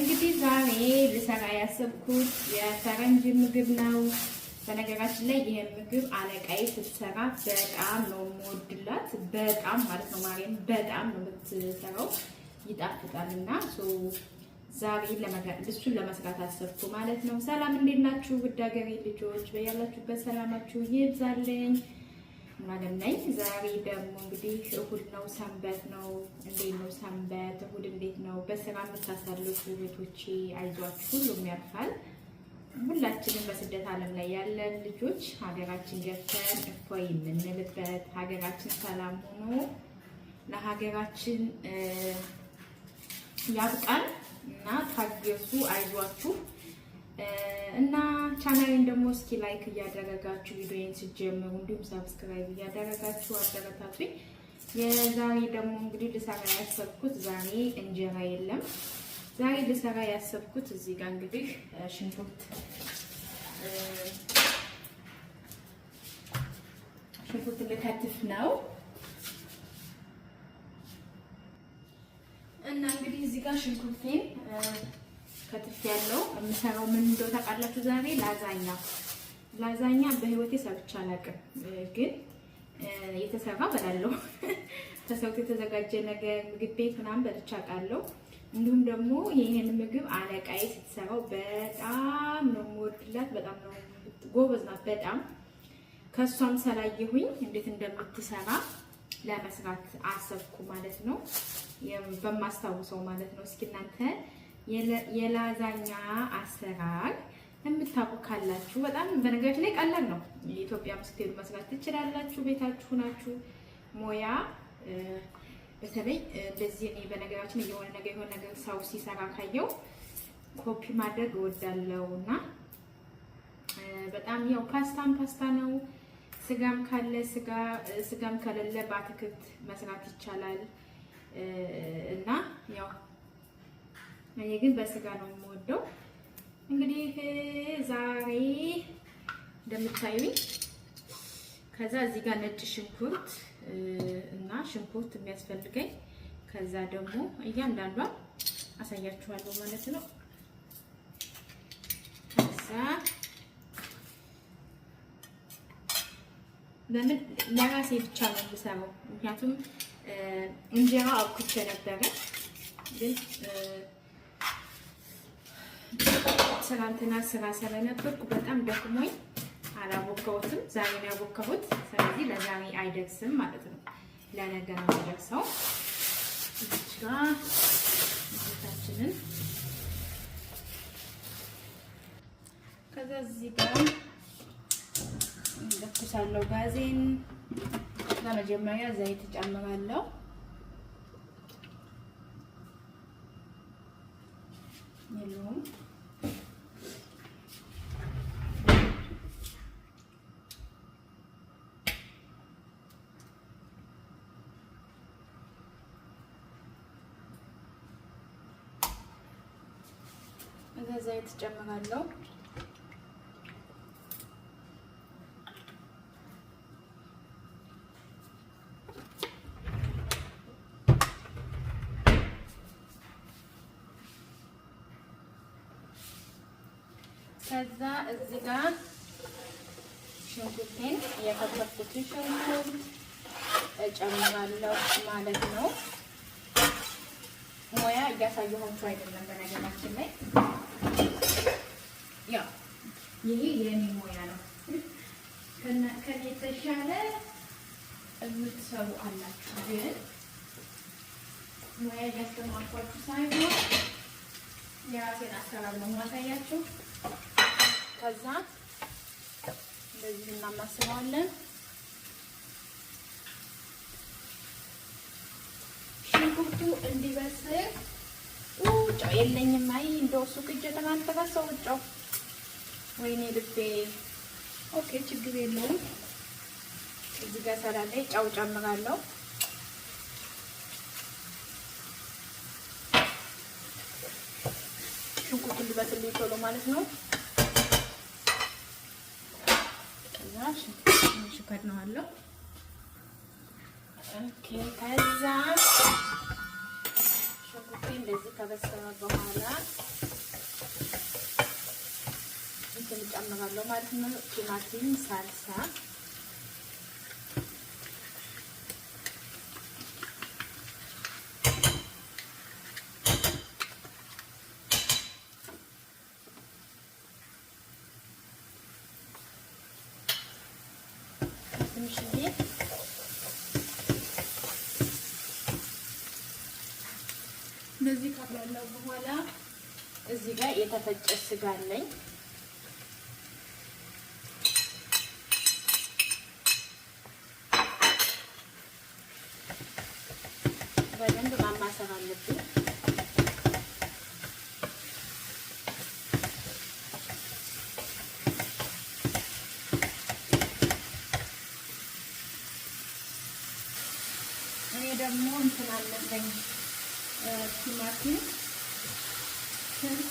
እንግዲህ ዛሬ ልሰራ ያሰብኩት የፈረንጅ ምግብ ነው። በነገራችን ላይ ይሄን ምግብ አለቃዬ ስትሰራ በጣም ነው የምወድላት፣ በጣም ማለት ነው ማርያም፣ በጣም ነው የምትሰራው፣ ይጣፍጣል እና ዛሬ እሱን ለመስራት አሰብኩ ማለት ነው። ሰላም እንዴት ናችሁ? ውድ ሀገሬ ልጆች በያላችሁበት ሰላማችሁ ይብዛልኝ። ማለት ነኝ። ዛሬ ደግሞ እንግዲህ እሁድ ነው፣ ሰንበት ነው። እንዴት ነው ሰንበት? እሁድ እንዴት ነው? በስራ የምታሳልፉ ቤቶቼ አይዟችሁ፣ ሁሉም ያልፋል። ሁላችንም በስደት ዓለም ላይ ያለን ልጆች ሀገራችን ገብተን እፎይ የምንልበት ሀገራችን ሰላም ሆኖ ለሀገራችን ያብቃን እና ታገሱ፣ አይዟችሁ እና ቻናሌን ደግሞ እስኪ ላይክ እያደረጋችሁ ቪዲዮን ሲጀምሩ እንዲሁም ሰብስክራይብ እያደረጋችሁ አበረታቱኝ። የዛሬ ደግሞ እንግዲህ ልሰራ ያሰብኩት ዛሬ እንጀራ የለም። ዛሬ ልሰራ ያሰብኩት እዚህ ጋር እንግዲህ ሽንኩርት ሽንኩርት ልከትፍ ነው እና እንግዲህ እዚህ ጋር ሽንኩርቴን ከትፍ ያለው የምሰራው ምን እንደው ታውቃላችሁ? ዛሬ ላዛኛ ላዛኛ በህይወቴ ሰርቼ አላውቅም፣ ግን የተሰራ በላለው ተሰውት የተዘጋጀ ነገር ምግብ ቤት ምናምን በልቼ አውቃለሁ። እንዲሁም ደግሞ ይህንን ምግብ አለቃዬ ስትሰራው በጣም ነው የምወድላት። በጣም ነው ጎበዝ ናት። በጣም ከእሷም ሰላየሁኝ እንዴት እንደምትሰራ ለመስራት አሰብኩ ማለት ነው፣ በማስታውሰው ማለት ነው። እስኪ እናንተ የላዛኛ አሰራር የምታውቁ ካላችሁ በጣም በነገራችን ላይ ቀላል ነው። የኢትዮጵያ ስትሄዱ መስራት ትችላላችሁ። ቤታችሁ ናችሁ ሞያ በተለይ እንደዚህ እኔ በነገራችን የሆነ ነገር የሆነ ነገር ሰው ሲሰራ ካየው ኮፒ ማድረግ እወዳለሁ እና በጣም ያው ፓስታም ፓስታ ነው። ስጋም ካለ ስጋ ስጋም ከሌለ በአትክልት መስራት ይቻላል እና ያው እኔ ግን በስጋ ነው የምወደው። እንግዲህ ዛሬ እንደምታዩኝ ከዛ እዚህ ጋር ነጭ ሽንኩርት እና ሽንኩርት የሚያስፈልገኝ ከዛ ደግሞ እያንዳንዷን አሳያችኋለሁ ማለት ነው። ከዛ በምን ለራሴ ብቻ ነው የምሰራው፣ ምክንያቱም እንጀራ አብኩቼ ነበረ ግን ትናንትና ስራ ስለነበርኩ በጣም ደክሞኝ አላቦካሁትም። ዛሬ ነው ያቦካሁት። ስለዚህ ለዛሬ አይደርስም ማለት ነው፣ ለነገ ነው የሚደርሰው። ታችንን ከዛ እዚህ ጋር ለኩሳለሁ ጋዜን። በመጀመሪያ ዘይት ጨምራለሁ። ዘይት ጨምራለሁ። ከዛ እዚህ ጋር ሽንኩርቴን የከተፍኩትን ሽንኩርት እጨምራለሁ ማለት ነው። ሙያ እያሳየኋችሁ አይደለም በነገራችን ላይ ይሄ የኔ ሙያ ነው። ከኔ የተሻለ የምትሰሩ አላችሁ። ግን ሙያ እያስተማርኳችሁ ሳይሆን የራሴን አሰራር ነው ማሳያችሁ። ከዛ እንደዚህ እናማስለዋለን። ሽንኩርቱ እንዲበስል ውጫው የለኝም። አይ እንደው ሱቅ እጀ ተማንተበሰው ውጫው ወይኔ ልቤ። ኦኬ ችግር የለውም። እዚህ ጋር ሰላጣ ላይ ጨው ጨምራለሁ። ሽንኩርቱ ሊበስልኝ ቶሎ ማለት ነው። ትንሽ ከድነዋለሁ። ኦኬ ከዛ እንደዚህ ከበሰለ በኋላ እንትን እጨምራለሁ ማለት ነው። ቲማቲም ሳልሳ ትንሽዬ እነዚህ በኋላ እዚህ ጋር የተፈጨ ስጋ አለኝ። ዘይታችን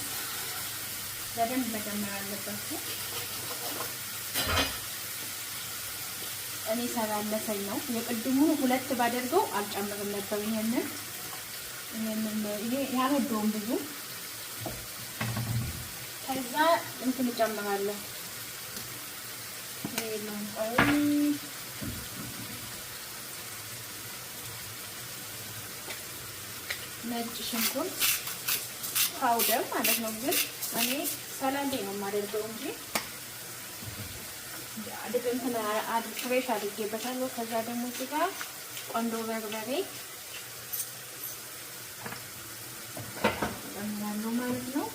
በደንብ መጨመር አለባችሁ። እኔ ስላለፈኝ ነው። የቅድሙ ሁለት ባደርገው አልጨምርም ነበር። ይሄንን ይሄንን ይሄ ያረደውም ብዙ ከዛ እንትን እጨምራለሁ ይሄንን ቆይ ነጭ ሽንኩርት ፓውደር ማለት ነው። ግን እኔ ሰላንዴ ነው የማደርገው እንጂ ድቅምትን ፍሬሽ አድርጌበታለሁ። ከዛ ደግሞ ስጋ ቆንዶ በርበሬ ነው ማለት ነው።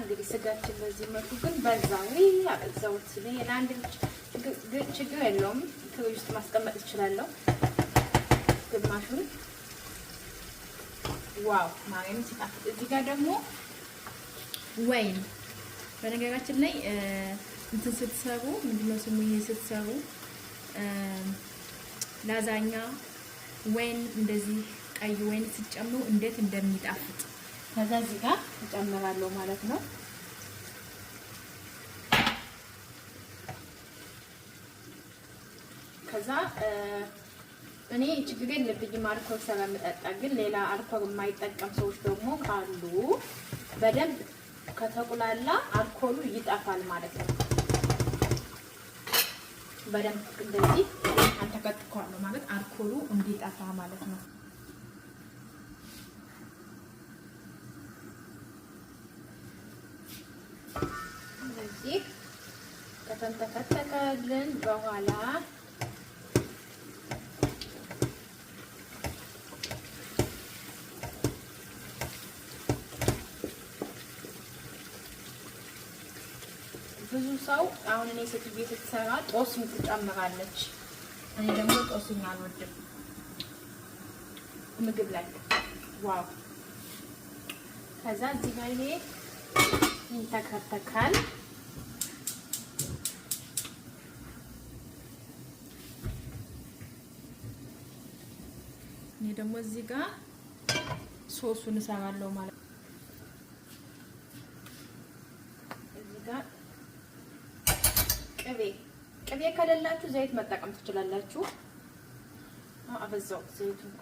እንግዲህ ስጋችን በዚህ መልኩ ግን በዛ ወይ አበዛሁት። ለአንድ ችግር የለውም፣ ፍሪጅ ውስጥ ማስቀመጥ እችላለሁ። ግማሹን ዋው ማሪም ሲጣፍጥ። እዚህ ጋር ደግሞ ወይን በነገራችን ላይ እንትን ስትሰሩ ምንድነው ስሙ ይሄ ስትሰሩ ላዛኛ ወይን እንደዚህ ቀይ ወይን ስትጨምሩ እንዴት እንደሚጣፍጥ ከዛ እዚህ ጋር እጨምራለሁ ማለት ነው። ከዛ እኔ ችግር የለብኝም አልኮል ስለምጠጣ። ግን ሌላ አልኮል የማይጠቀም ሰዎች ደግሞ ካሉ በደንብ ከተቁላላ አልኮሉ ይጠፋል ማለት ነው። በደንብ እንደዚህ አንተቀጥኳለሁ ማለት አልኮሉ እንዲጠፋ ማለት ነው። ከተንተከተከልን በኋላ ብዙ ሰው አሁን እኔ ሴት ስትሰራ ጦስኝ ትጨምራለች። እኔ ደግሞ ጦስኝ አልወድም ምግብ ላይ ዋው። ከዛ እዚህ ላይ ይሄ ይንተከተካል። ደግሞ እዚህ ጋር ሶሱን እሰራለሁ ማለት ነው። እዚህ ጋር ቅቤ ቅቤ ከሌላችሁ ዘይት መጠቀም ትችላላችሁ። አበዛው ዘይቱን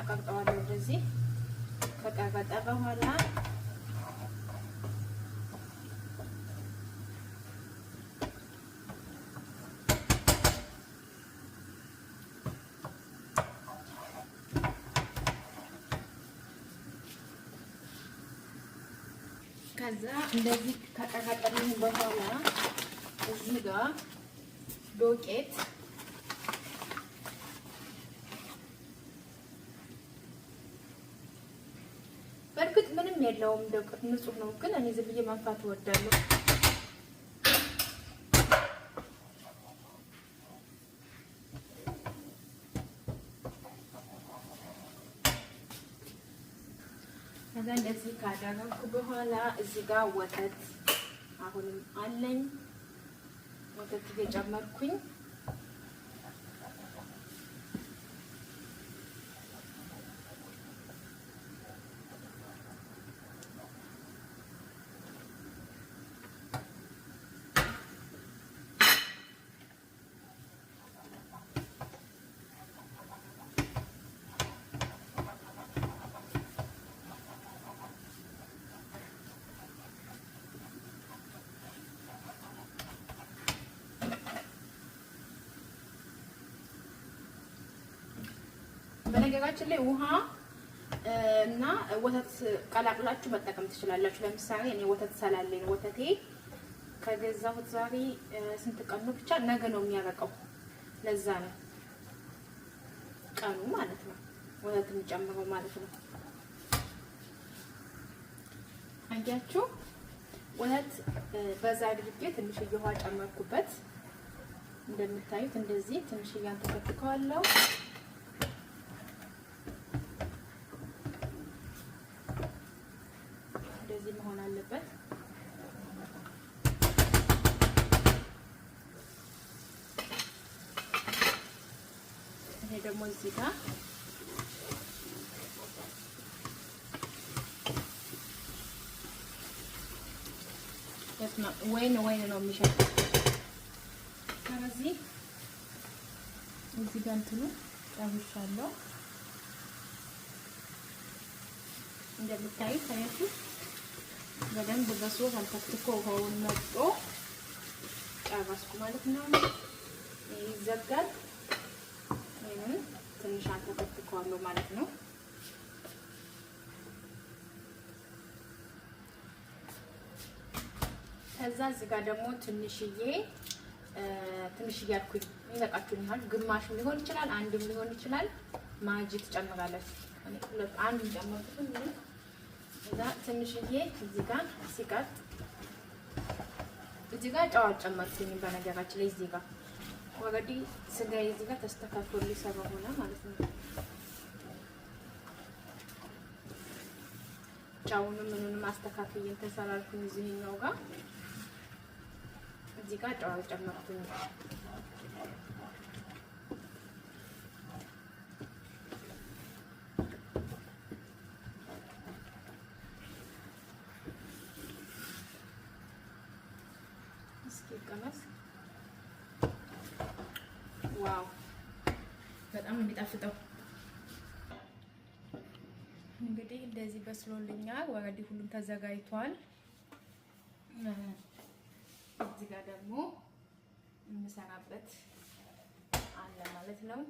አቀብጠዋለሁ። እንደዚህ በቃ ቀጠበ በኋላ ከዛ እንደዚህ ከቀቀጠልን በኋላ እዚህ ጋር ዶቄት በእርግጥ ምንም የለውም፣ ደውቀት ንጹህ ነው። ግን እኔ ዝም ብዬ መንፋት እወዳለሁ። ከዛ እንደዚህ ካደረኩ በኋላ እዚህ ጋር ወተት አሁንም አለኝ ወተት እየጨመርኩኝ በነገራችን ላይ ውሃ እና ወተት ቀላቅላችሁ መጠቀም ትችላላችሁ። ለምሳሌ እኔ ወተት ሰላለኝ ወተቴ ከገዛሁት ዛሬ ስንት ቀኑ ብቻ ነገ ነው የሚያበቃው። ለዛ ነው ቀኑ ማለት ነው ወተት የሚጨምረው ማለት ነው። አያችሁ ወተት በዛ አድርጌ ትንሽዬ ውሃ ጨመርኩበት። እንደምታዩት እንደዚህ ትንሽዬ አንተከትከዋለሁ። እዚህ ጋር ወይን ወይን ነው የሚሸጠው። ስለዚህ እዚህ ጋር እንትኑ ጨርሻለሁ። እንደምታዩት አያችሁ፣ በደንብ ውሃውን መጥጦ ጨረስኩ ማለት ነው። ይዘጋል። ትንሽ አንተከትከዋለሁ ማለት ነው። ከዛ እዚህ ጋር ደግሞ ትንሽዬ ትንሽዬ አልኩኝ ይበቃችሁን ያህል ግማሽም ሊሆን ይችላል፣ አንድም ሊሆን ይችላል። ማጂ ትጨምራላችሁ። አንድ ጨመርኩት። እዛ ትንሽዬ እዚህ ጋር ሲቀጥ እዚህ ጋር ጨው አልጨመርኩኝም በነገራችን ላይ እዚህ ጋር ወረዲ ስጋ ይዝ ጋር ተስተካክሎ ሊሰራ ሆነ ማለት ነው። ጫውንም ምኑንም አስተካክዬ እንትን ሰራልኩኝ። እዚህኛው ጋር እዚህ ጋር አልጨመርኩኝ። እስኪ ቀመስ ዋው በጣም ነው የሚጣፍጠው። እንግዲህ እንደዚህ በስሎልኛል። ወረዲ ሁሉም ተዘጋጅቷል። እዚህ ጋር ደግሞ የምሰራበት አለ ማለት ነው።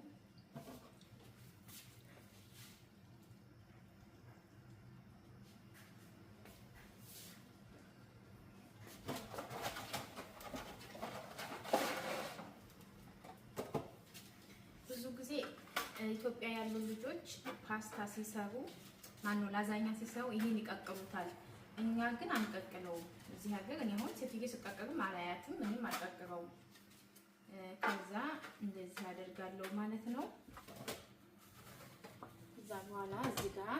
ኢትዮጵያ ያሉ ልጆች ፓስታ ሲሰሩ ነው ላዛኛ ሲሰሩ ይሄን ይቀቅሉታል። እኛ ግን አንቀቅለውም። እዚህ ሀገር እኔ አሁን ሴትዬ ስቀቅልም አላያትም፣ ምንም አልቀቅለውም። ከዛ እንደዚህ አደርጋለሁ ማለት ነው። ከዛ በኋላ እዚህ ጋር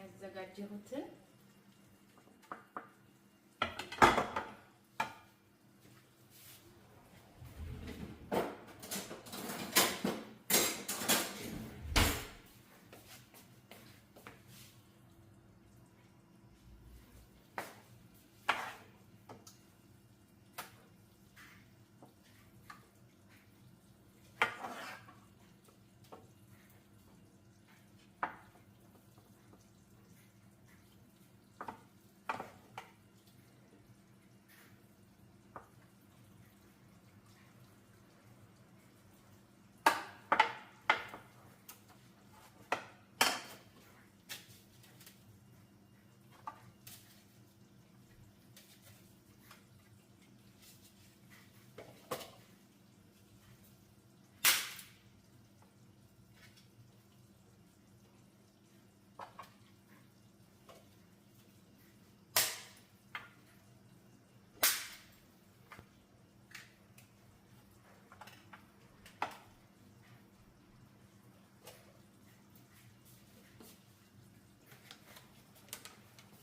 ያዘጋጀሁትን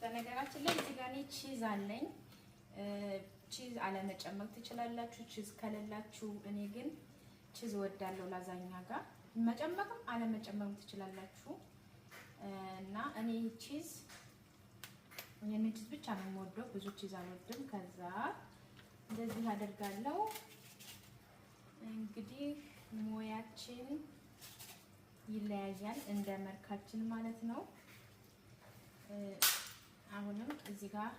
በነገራችን ላይ እዚህ ጋር እኔ ቺዝ አለኝ። ቺዝ አለመጨመር ትችላላችሁ፣ ቺዝ ከሌላችሁ። እኔ ግን ቺዝ እወዳለሁ ላዛኛ ጋር መጨመርም አለመጨመርም ትችላላችሁ። እና እኔ ቺዝ ይህንን ቺዝ ብቻ ነው የምወደው፣ ብዙ ቺዝ አልወድም። ከዛ እንደዚህ አደርጋለሁ እንግዲህ ሙያችን ይለያያል እንደ መልካችን ማለት ነው። አሁንም እዚህ ጋር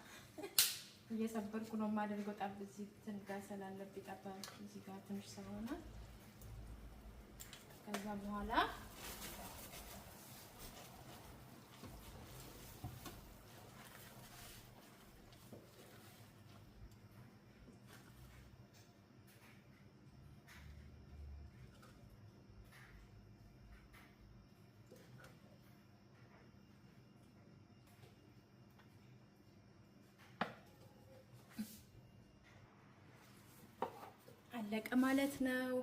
እየሰበርኩ ነው የማደርገው። ጣብ እዚህ ትንጋ ስላለብኝ ጣባ እዚህ ጋር ትንሽ ስለሆነ ከዛ በኋላ አለቀ ማለት ነው።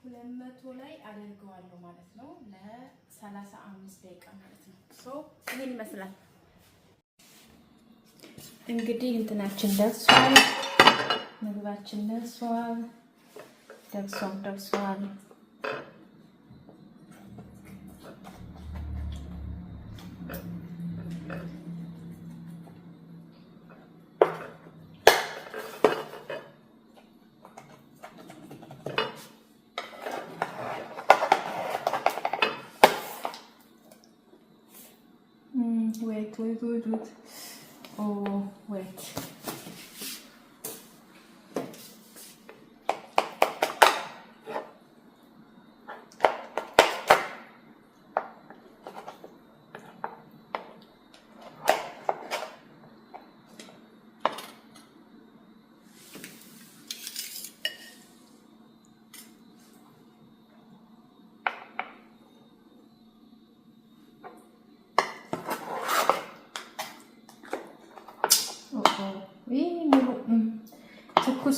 ሁለት መቶ ላይ አደርገዋለሁ ማለት ነው። ለሰላሳ አምስት ደቂቃ ማለት ነው። ሶ ይህን ይመስላል እንግዲህ እንትናችን ደርሷል፣ ምግባችን ደርሷል፣ ደርሷል ደርሷል። wait, wait. oh wait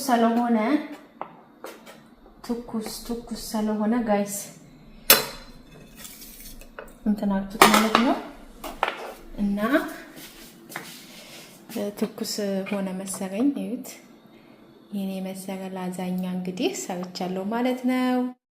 ትኩስ ስለሆነ ትኩስ ትኩስ ስለሆነ ጋይስ እንትን አልኩት ማለት ነው እና ትኩስ ሆነ መሰለኝ። እዩት፣ የኔ መሰለ ላዛኛ እንግዲህ ሰርቻለሁ ማለት ነው።